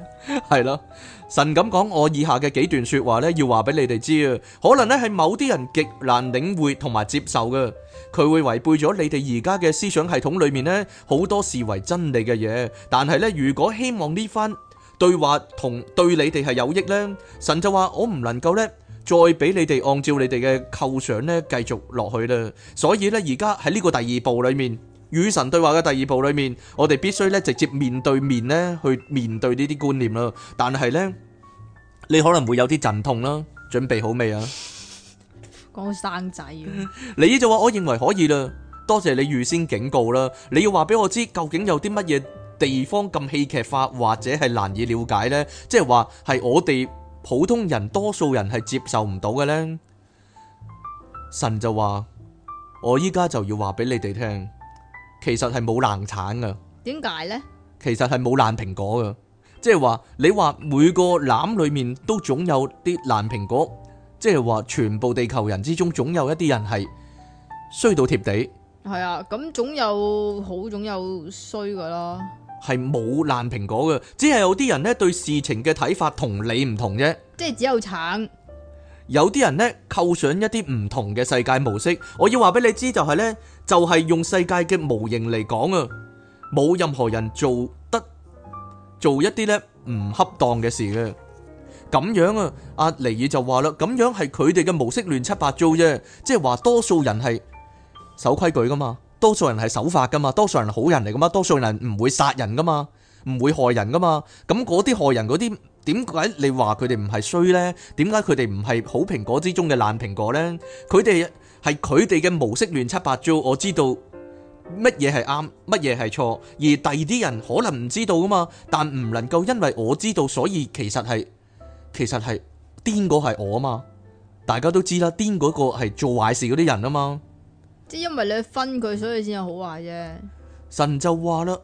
係咯，神咁講，我以下嘅幾段說話咧，要話俾你哋知啊，可能咧係某啲人極難領會同埋接受噶，佢會違背咗你哋而家嘅思想系統裏面咧好多視為真理嘅嘢，但係咧，如果希望呢番對話同對你哋係有益咧，神就話我唔能夠咧。再俾你哋按照你哋嘅構想咧，繼續落去啦。所以咧，而家喺呢個第二部裏面，與神對話嘅第二部裏面，我哋必須咧直接面對面咧去面對呢啲觀念啦。但係呢，你可能會有啲陣痛啦。準備好未啊？講生山仔。 你就話，我認為可以啦。多謝你預先警告啦。你要話俾我知，究竟有啲乜嘢地方咁戲劇化，或者係難以了解呢？即係話係我哋。普通人多數人係接受唔到嘅呢。神就話：我依家就要話俾你哋聽，其實係冇爛橙噶。點解呢？其實係冇爛蘋果噶，即係話你話每個籃裏面都總有啲爛蘋果，即係話全部地球人之中總有一啲人係衰到貼地。係啊，咁總有好，總有衰噶啦。係冇爛蘋果嘅，只係有啲人咧對事情嘅睇法同你唔同啫。即係只有橙。有啲人咧構上一啲唔同嘅世界模式。我要話俾你知就係咧，就係用世界嘅模型嚟講啊，冇任何人做得做一啲咧唔恰當嘅事嘅。咁樣啊，阿尼爾就話啦，咁樣係佢哋嘅模式亂七八糟啫。即係話多數人係守規矩噶嘛。多數人係守法噶嘛，多數人係好人嚟噶嘛，多數人唔會殺人噶嘛，唔會害人噶嘛。咁嗰啲害人嗰啲，點解你話佢哋唔係衰呢？點解佢哋唔係好蘋果之中嘅爛蘋果呢？佢哋係佢哋嘅模式亂七八糟。我知道乜嘢係啱，乜嘢係錯，而第二啲人可能唔知道噶嘛。但唔能夠因為我知道，所以其實係其實係癲個係我啊嘛。大家都知啦，癲嗰個係做壞事嗰啲人啊嘛。即因為你分佢，所以先有好壞啫。神就話啦，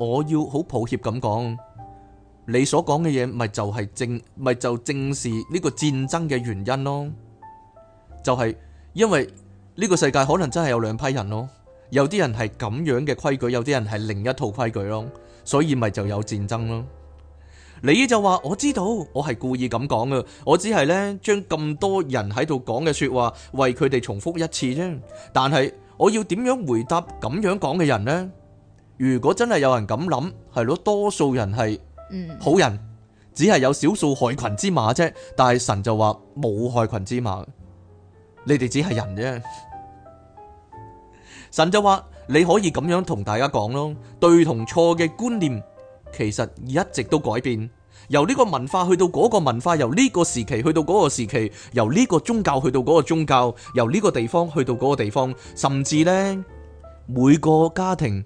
我要好抱歉咁講，你所講嘅嘢咪就係正，咪就是、正視呢個戰爭嘅原因咯。就係、是、因為呢個世界可能真係有兩批人咯，有啲人係咁樣嘅規矩，有啲人係另一套規矩咯，所以咪就有戰爭咯。你就話：我知道，我係故意咁講嘅。我只係呢，將咁多人喺度講嘅說話為佢哋重複一次啫。但係我要點樣回答咁樣講嘅人呢？如果真係有人咁諗，係咯，多數人係好人，只係有少數害群之馬啫。但係神就話，冇害群之馬，你哋只係人啫。神就話，你可以咁樣同大家講咯，對同錯嘅觀念其實一直都改變，由呢個文化去到嗰個文化，由呢個時期去到嗰個時期，由呢個宗教去到嗰個宗教，由呢個地方去到嗰個地方，甚至呢每個家庭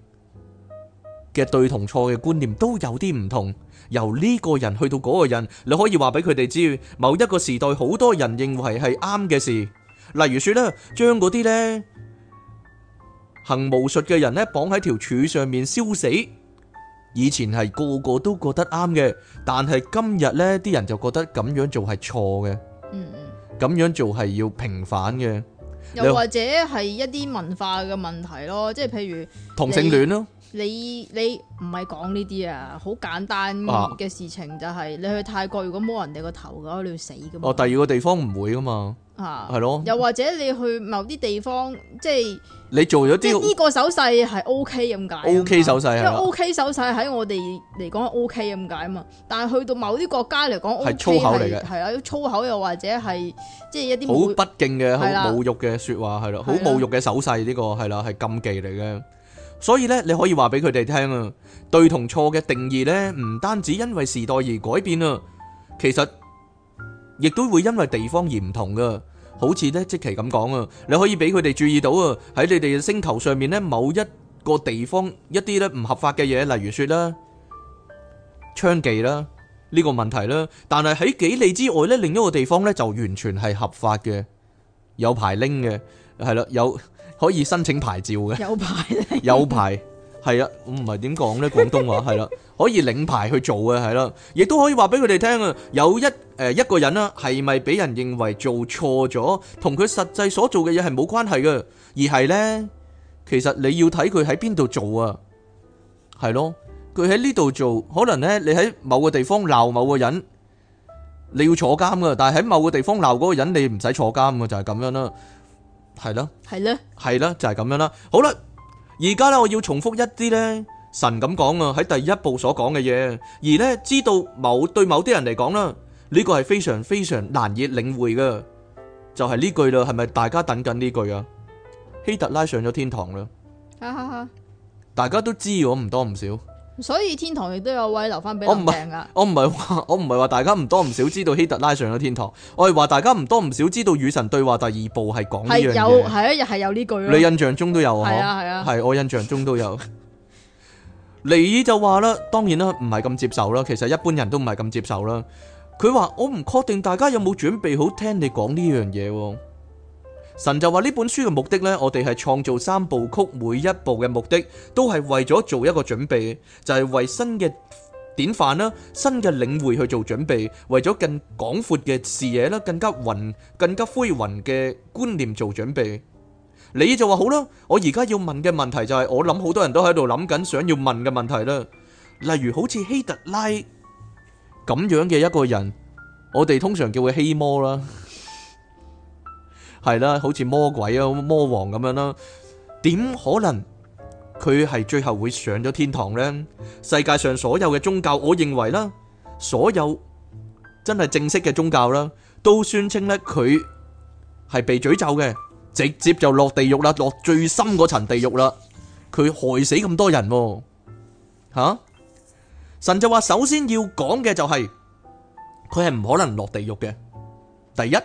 嘅對同錯嘅觀念都有啲唔同。由呢個人去到嗰個人，你可以話俾佢哋知，某一個時代好多人認為係啱嘅事，例如說呢，將嗰啲呢行巫術嘅人呢，綁喺條柱上面燒死。以前係個個都覺得啱嘅，但係今日咧啲人就覺得咁樣做係錯嘅，嗯、咁樣做係要平反嘅，又或者係一啲文化嘅問題咯，即係譬如同性戀咯，你你唔係講呢啲啊，好簡單嘅事情就係、是啊、你去泰國如果摸人哋個頭嘅話，你要死㗎嘛。哦，第二個地方唔會噶嘛。啊，係咯，又或者你去某啲地方，即係你做咗啲，即係呢個手勢係 O K 咁解，O K 手勢啊，因為，O K 手勢喺我哋嚟講係 O K 咁解啊嘛，但係去到某啲國家嚟講 O K 係粗口嚟嘅。係啦，粗口又或者係即係一啲好不敬嘅好侮辱嘅說話，係啦，好侮辱嘅手勢，呢個係啦，係禁忌嚟嘅。所以咧你可以話俾佢哋聽啊，對同錯嘅定義咧唔單止因為時代而改變啊，其實亦都會因為地方而唔同噶。好似咧，即其咁講啊，你可以俾佢哋注意到啊，喺你哋嘅星球上面咧，某一個地方一啲咧唔合法嘅嘢，例如説啦，娼妓啦，呢個問題啦。但係喺幾里之外咧，另一個地方咧就完全係合法嘅，有牌拎嘅，係啦，有可以申請牌照嘅，有牌，有牌。係啊，唔係點講呢？廣東話係啦，可以領牌去做嘅係啦，亦都可以話俾佢哋聽啊。有一誒一個人啦，係咪俾人認為做錯咗，同佢實際所做嘅嘢係冇關係嘅，而係呢，其實你要睇佢喺邊度做啊，係咯，佢喺呢度做，可能呢你喺某個地方鬧某個人，你要坐監噶，但係喺某個地方鬧嗰個人，你唔使坐監噶，就係咁樣啦，係咯，係咯，係啦，就係咁樣啦，好啦。而家咧，我要重複一啲咧神咁講啊，喺第一部所講嘅嘢，而咧知道某對某啲人嚟講啦，呢個係非常非常難以領會噶，就係呢句啦，係咪大家等緊呢句啊？希特拉上咗天堂啦，吓吓吓，大家都知我唔多唔少。所以天堂亦都有位留翻俾我唔不係的，我唔係話，我唔係話大家唔多唔少知道希特拉上咗天堂。我係話大家唔多唔少知道《與神對話》第二部係講呢樣嘢。係啊，又係有呢句。你印象中都有，係啊係啊。係啊，我印象中都有。尼爾 就話啦，當然啦，唔係咁接受啦。其實一般人都唔係咁接受啦。佢話我唔確定大家有冇準備好聽你講呢樣嘢。神就話呢本書嘅目的呢，我哋係創造三部曲每一部嘅目的，都係為咗做一個準備，就係為新嘅典範啦，新嘅領會去做準備，為咗更廣闊嘅視野啦，更加宏，更加恢宏嘅觀念做準備。你就話好啦，我而家要問嘅問題，就係我諗好多人都喺度諗緊想要問嘅問題啦，例如好似希特拉，咁樣嘅一個人，我哋通常叫佢希魔啦。係啦，好似魔鬼啊、魔王咁樣啦，點可能佢係最後會上咗天堂呢？世界上所有嘅宗教，我認為啦，所有真係正式嘅宗教啦，都宣稱咧，佢係被詛咒嘅，直接就落地獄啦，落最深嗰層地獄啦。佢害死咁多人，啊，吓？啊，神就話，首先要講嘅就係佢係唔可能落地獄嘅，第一。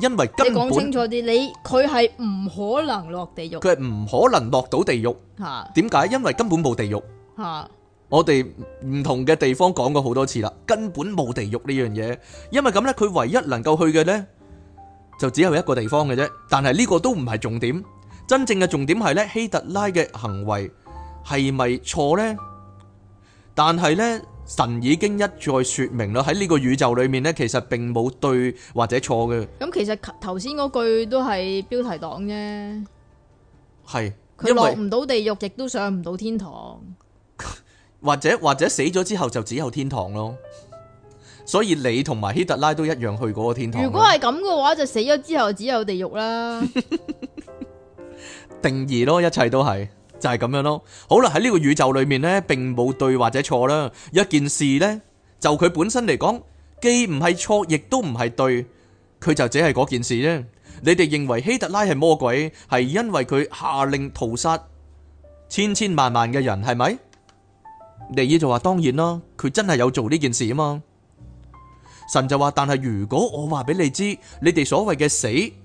因為根本你講清楚啲，你佢係唔可能落地獄，佢係唔可能落到地獄吓。點解？因為根本冇地獄吓。我哋唔同嘅地方講過好多次啦，根本冇地獄呢樣嘢。因為咁呢，佢唯一能夠去嘅呢，就只有一個地方嘅啫。但係呢個都唔係重點，真正嘅重點係呢，希特拉嘅行為係咪錯呢？但係呢。神已經一再說明啦，喺呢個宇宙裏面呢，其實並冇對或者錯嘅。咁其實頭先嗰句都係標題黨啫。係佢落唔到地獄，亦都上唔到天堂。或者或者死咗之後就只有天堂咯。所以你同埋希特拉都一樣去嗰個天堂。如果係咁嘅話，就死咗之後只有地獄啦。定義咯，一切都係。就係咁樣咯，好啦，喺呢個宇宙裏面呢，並冇對或者錯啦。一件事呢，就佢本身嚟講，既唔係錯，亦都唔係對，佢就只係嗰件事啫。你哋認為希特拉係魔鬼，係因為佢下令屠殺千千萬萬嘅人，係咪？尼爾就話：當然啦，佢真係有做呢件事啊嘛。神就話：但係如果我話俾你知，你哋所謂嘅死。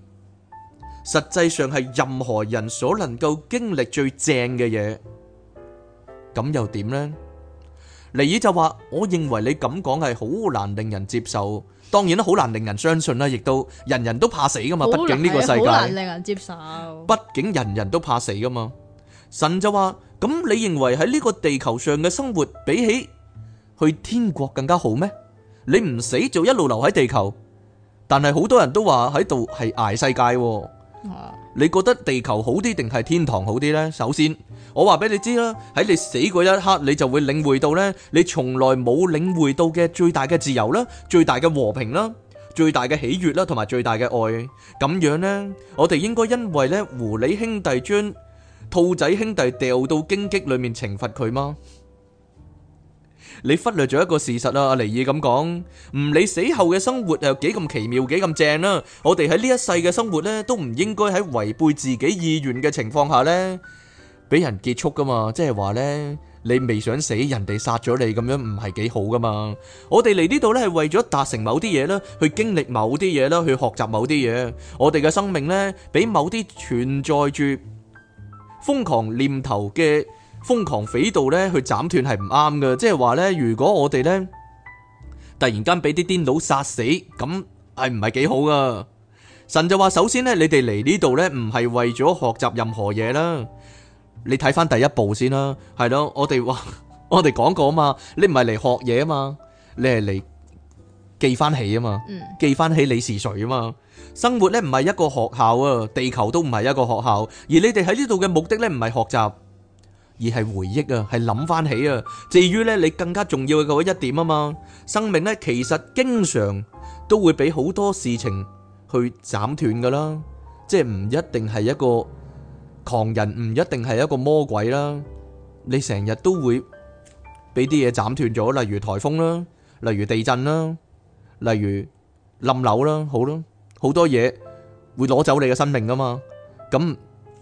實際上係任何人所能夠經歷最正嘅嘢，咁又點呢？尼爾就話：我認為你咁講係好難令人接受，當然啦，好難令人相信啦，亦都人人都怕死噶嘛。畢竟呢個世界，好難令人接受。畢竟人人都怕死噶嘛。神就話：咁你認為喺呢個地球上嘅生活比起去天國更加好咩？你唔死就一路留喺地球，但係好多人都話喺度係挨世界。你覺得地球好啲定係天堂好啲呢？首先，我話俾你知啦，喺你死嗰一刻，你就會領會到呢，你從來冇領會到嘅最大嘅自由啦，最大嘅和平啦，最大嘅喜悅啦，同埋最大嘅愛。咁樣呢，我哋應該因為呢，狐狸兄弟將兔仔兄弟掉到荊棘裏面懲罰佢嗎？你忽略咗一個事實啦、啊，阿尼爾咁講，唔理死後嘅生活又幾咁奇妙，幾咁正啦、啊。我哋喺呢一世嘅生活呢，都唔應該喺違背自己意願嘅情況下呢俾人結束噶嘛。即係話呢，你未想死，人哋殺咗你咁樣，唔係幾好噶嘛。我哋嚟呢度呢，係為咗達成某啲嘢啦，去經歷某啲嘢啦，去學習某啲嘢。我哋嘅生命呢，俾某啲存在住瘋狂念頭嘅。瘋狂匪盜咧，去斬斷係唔啱嘅，即係話咧，如果我哋咧突然間俾啲癲佬殺死，咁係唔係幾好噶？神就話：首先咧，你哋嚟呢度咧，唔係為咗學習任何嘢啦。你睇翻第一步先啦，係咯，我哋話我哋講過啊嘛，你唔係嚟學嘢啊嘛，你係嚟記翻起啊嘛，記翻起你是誰啊嘛。生活咧唔係一個學校啊，地球都唔係一個學校，而你哋喺呢度嘅目的咧唔係學習。而係回憶啊，係諗翻起啊。至於咧，你更加重要嘅嗰一點啊嘛，生命咧其實經常都會俾好多事情去斬斷噶啦，即係唔一定係一個狂人，唔一定係一個魔鬼啦。你成日都會俾啲嘢斬斷咗，例如台風啦，例如地震啦，例如冧樓啦，好啦，好多嘢會攞走你嘅生命噶嘛，咁。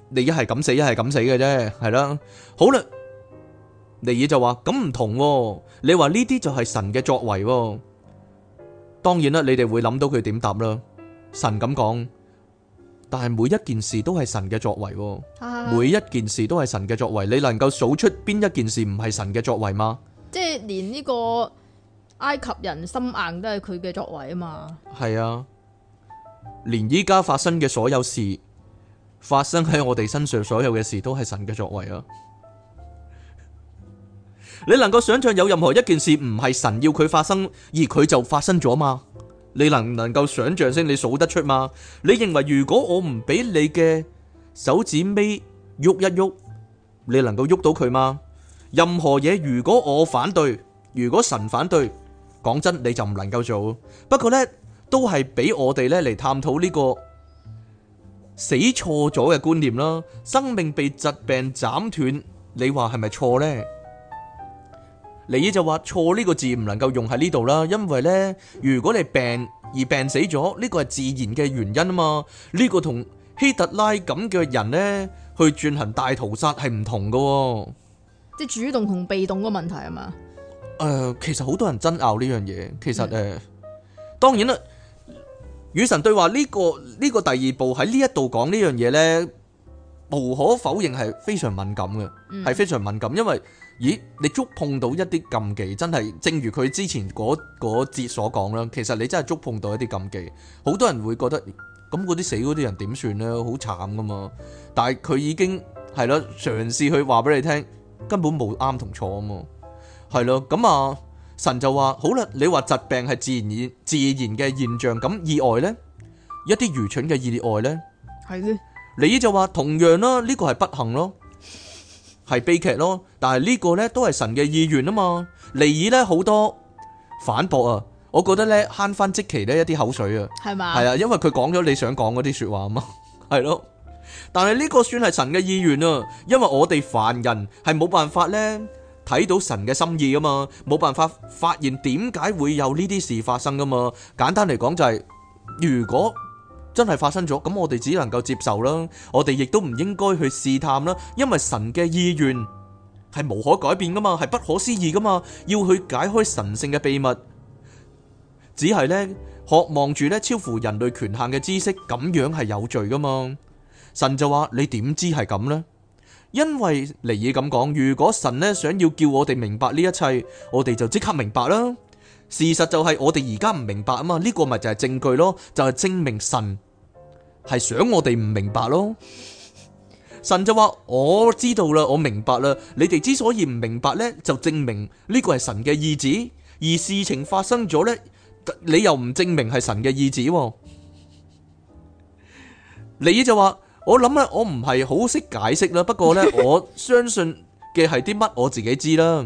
你一係咁死，一係咁死嘅啫，係啦。好啦，尼爾就話咁唔同，你話呢啲就係、哦、神嘅作為、哦。當然啦，你哋會諗到佢點答啦。神咁講，但係每一件事都係神嘅作為、哦，啊、每一件事都係神嘅作為。你能夠數出邊一件事唔係神嘅作為嗎？即係連呢個埃及人心硬都係佢嘅作為啊嘛。係啊，連依家發生嘅所有事。發生喺我哋身上所有嘅事都係神嘅作為啊！你能夠想象有任何一件事唔係神要佢發生而佢就發生咗嗎？你能唔能夠想象先？你數得出嗎？你認為如果我唔俾你嘅手指尾喐一喐，你能夠喐到佢嗎？任何嘢如果我反對，如果神反對，講真你就唔能夠做。不過呢，都係俾我哋呢嚟探討呢個。死錯咗嘅觀念啦，生命被疾病斬斷，你話係咪錯呢？你呢就話錯呢個字唔能夠用喺呢度啦，因為呢，如果你病而病死咗，呢、這個係自然嘅原因啊嘛，呢、這個同希特拉咁嘅人呢去進行大屠殺係唔同噶，即主動同被動個問題係嘛？誒、呃，其實好多人爭拗呢樣嘢，其實誒、呃，嗯、當然啦。與神對話呢、呢個呢、呢個第二部喺呢一度講呢樣嘢呢，無可否認係非常敏感嘅，係非常敏感，因為咦你觸碰到一啲禁忌，真係正如佢之前嗰節所講啦，其實你真係觸碰到一啲禁忌，好多人會覺得咁，嗰啲死嗰啲人點算呢？好慘噶嘛，但係佢已經係咯嘗試去話俾你聽，根本冇啱同錯啊嘛，係咯咁啊。神就話：好啦，你話疾病係自然自然嘅現象，咁意外呢？一啲愚蠢嘅意外呢？係先。尼爾就話同樣啦，呢個係不幸咯，係悲劇咯。但係呢個呢，都係神嘅意願啊嘛。尼爾呢，好多反駁啊，我覺得呢，慳翻即期呢，一啲口水啊，係嘛？係啊，因為佢講咗你想講嗰啲說話啊嘛，係咯。但係呢個算係神嘅意願啊，因為我哋凡人係冇辦法呢。」睇到神嘅心意啊嘛，冇辦法發現點解會有呢啲事發生噶嘛。簡單嚟講就係，如果真係發生咗，咁我哋只能夠接受啦。我哋亦都唔應該去試探啦，因為神嘅意願係無可改變噶嘛，係不可思議噶嘛。要去解開神聖嘅秘密，只係呢渴望住呢超乎人類權限嘅知識，咁樣係有罪噶嘛。神就話「你點知係咁呢？」因為尼爾咁講，如果神呢想要叫我哋明白呢一切，我哋就即刻明白啦。事實就係我哋而家唔明白啊嘛，呢、這個咪就係證據咯，就係、是、證明神係想我哋唔明白咯。神就話我知道啦，我明白啦。你哋之所以唔明白呢，就證明呢個係神嘅意志。而事情發生咗呢，你又唔證明係神嘅意志。尼爾就話。我諗咧，我唔係好識解釋啦。不過呢，我相信嘅係啲乜，我自己知啦。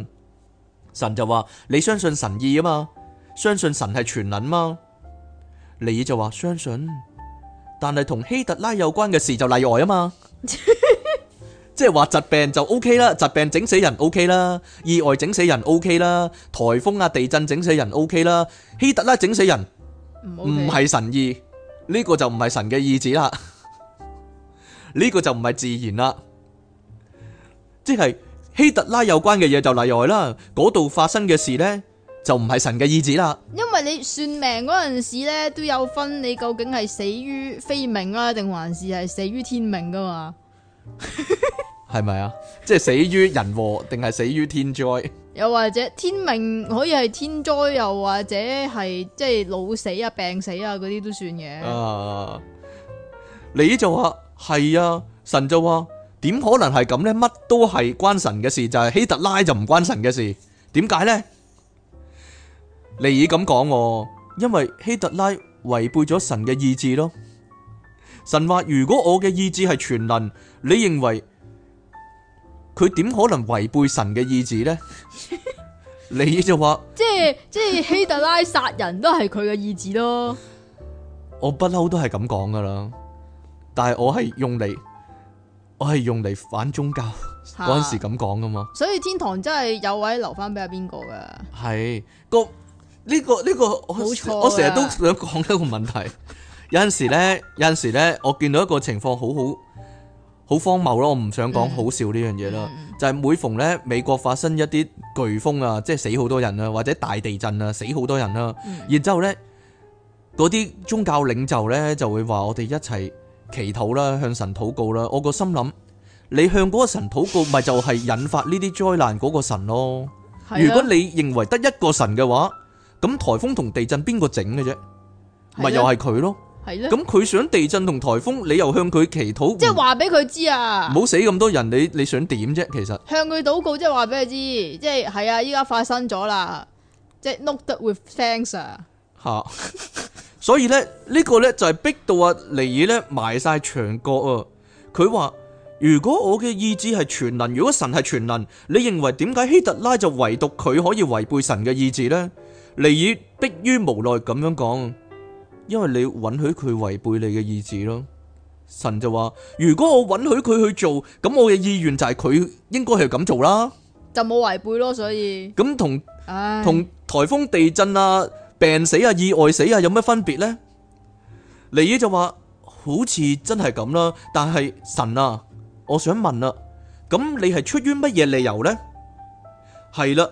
神就話：你相信神意啊嘛，相信神係全能嘛。你就話：相信，但係同希特拉有關嘅事就例外啊嘛。即係話疾病就 OK 啦，疾病整死人 OK 啦，意外整死人 OK 啦，台風啊地震整死人 OK 啦，希特拉整死人唔係神意，呢個就唔係神嘅意志啦。呢個就唔係自然啦，即係希特拉有關嘅嘢就例外啦。嗰度發生嘅事呢，就唔係神嘅意志啦。因為你算命嗰陣時呢，都有分你究竟係死於非命啊，定還是係死於天命噶嘛？係 咪 啊？即係死於人禍，定係死於天災？又或者天命可以係天災，又或者係即係老死啊、病死啊嗰啲都算嘅。Uh, 你就話。係啊，神就話，點可能係咁呢？乜都係關神嘅事，就係、是、希特拉就唔關神嘅事。點解呢？你以咁講我，因為希特拉違背咗神嘅意志咯。神話如果我嘅意志係全能，你認為佢點可能違背神嘅意志呢？ 你就話，即係即係希特拉殺人都係佢嘅意志咯。 我不嬲都係咁講噶啦。但係我係用嚟，我係用嚟反宗教嗰陣 時咁講噶嘛？所以天堂真係有位留翻俾阿邊個噶？係個呢個呢個，這個這個，冇錯，我我成日都想講一個問題。 有陣時咧，有陣時咧，我見到一個情況好好好荒謬咯。我唔想講好笑呢樣嘢啦，嗯，就係每逢咧美國發生一啲颶風啊，即係死好多人啦，啊，或者大地震啊，死好多人啦，啊，嗯，然之後咧嗰啲宗教領袖咧就會話我哋一齊。祈禱啦，向神禱告啦。我個心諗，你向嗰個神禱告，咪就係引發呢啲災難嗰個神咯。如果你認為得一個神嘅話，咁台風同地震邊個整嘅啫？咪又係佢咯。咁佢想地震同台風，你又向佢祈禱，即係話俾佢知啊！唔好死咁多人，你你想點啫？其實向佢禱告，即係話俾佢知，即係係啊！依家發生咗啦，即係 noted with thanks。好。所以咧，呢個呢，就係逼到阿尼爾呢埋晒牆角啊！佢話：如果我嘅意志係全能，如果神係全能，你認為點解希特拉就唯獨佢可以違背神嘅意志呢？尼爾逼於無奈咁樣講，因為你允許佢違背你嘅意志咯。神就話：如果我允許佢去做，咁我嘅意願就係佢應該係咁做啦，就冇違背咯。所以咁同同台風、地震啊。病死啊，意外死啊，有乜分別呢？尼爾就話：好似真係咁啦，但係神啊，我想問啊，咁你係出於乜嘢理由呢？係啦，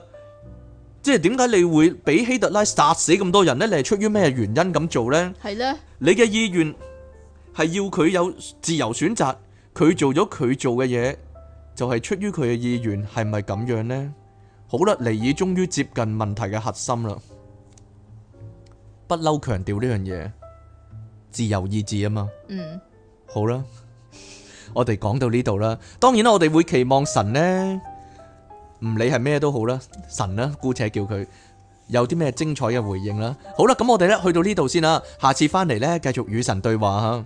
即係點解你會俾希特拉殺死咁多人呢？你係出於咩原因咁做呢？係呢，你嘅意願係要佢有自由選擇，佢做咗佢做嘅嘢，就係出於佢嘅意願，係咪咁樣呢？好啦，尼爾終於接近問題嘅核心啦。不嬲強調呢樣嘢，自由意志啊嘛。嗯，好啦，我哋講到呢度啦。當然啦，我哋會期望神呢，唔理係咩都好啦，神啦，姑且叫佢有啲咩精彩嘅回應啦。好啦，咁我哋咧去到呢度先啦。下次翻嚟咧，繼續與神對話啊。